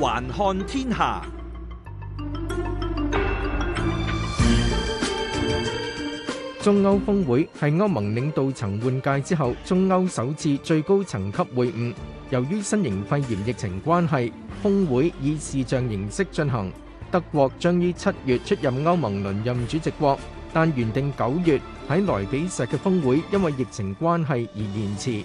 環看天下，中歐峰會係歐盟領導層換屆之後，中歐首次最高層級會晤。由於新型肺炎疫情關係，峰會以視像形式進行。德國將於七月出任歐盟輪任主席國，但原定九月喺萊比錫嘅峰會因為疫情關係而延遲。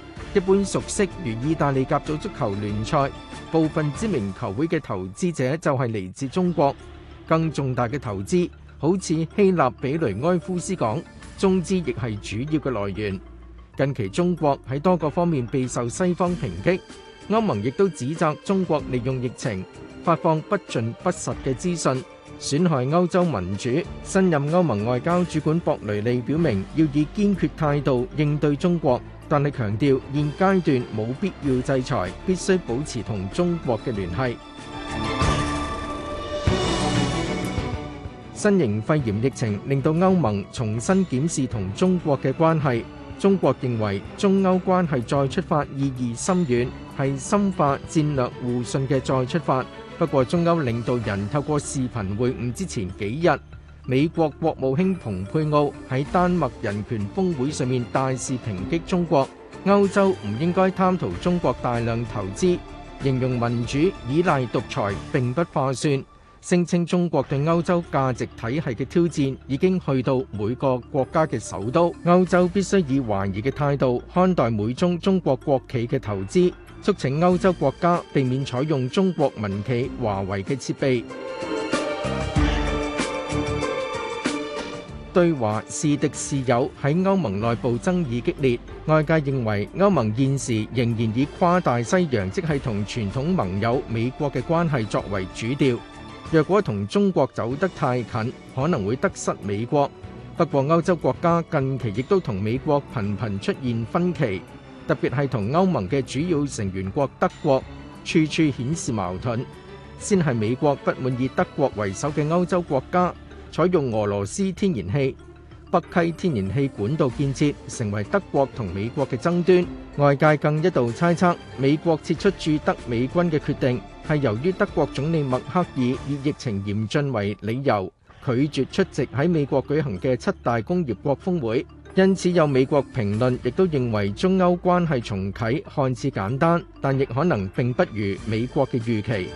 一般熟悉如意大利甲組足球聯賽部分知名球會嘅投資者就係來自中國，更重大嘅投資好似希臘比雷埃夫斯港，中資亦係主要嘅來源。近期中國喺多個方面備受西方抨擊，歐盟亦都指責中國利用疫情發放不盡不實嘅資訊損害歐洲民主。新任歐盟外交主管博雷利表明要以堅決態度應對中國但係強調現階段冇必要制裁，必須保持同中國嘅聯繫。新型肺炎疫情令到歐盟重新檢視同中國嘅關係。中國認為中歐關係再出發意義深遠，係深化戰略互信嘅再出發。不過，中歐領導人透過視頻會晤之前幾日。美國國務卿蓬佩奧喺丹麥人權峰會上面大肆抨擊中國，歐洲唔應該貪圖中國大量投資，形容民主依賴獨裁並不划算，聲稱中國對歐洲價值體系嘅挑戰已經去到每個國家嘅首都，歐洲必須以懷疑嘅態度看待每宗中國國企嘅投資，促請歐洲國家避免採用中國民企華為嘅設備。對華是敵是友喺歐盟內部爭議激烈，外界認為歐盟現時仍然以跨大西洋，即係同傳統盟友美國嘅關係作為主調。若果同中國走得太近，可能會得失美國。不過歐洲國家近期亦都同美國頻頻出現分歧，特別係同歐盟嘅主要成員國德國，處處顯示矛盾。先係美國不滿以德國為首嘅歐洲國家。採用俄羅斯天然氣，北溪天然氣管道建設成為德國同美國嘅爭端。外界更一度猜測美國撤出駐德美軍嘅決定係由於德國總理默克爾以疫情嚴峻為理由拒絕出席喺美國舉行嘅七大工業國峰會。因此有美國評論亦都認為中歐關係重啟看似簡單，但亦可能並不如美國嘅預期。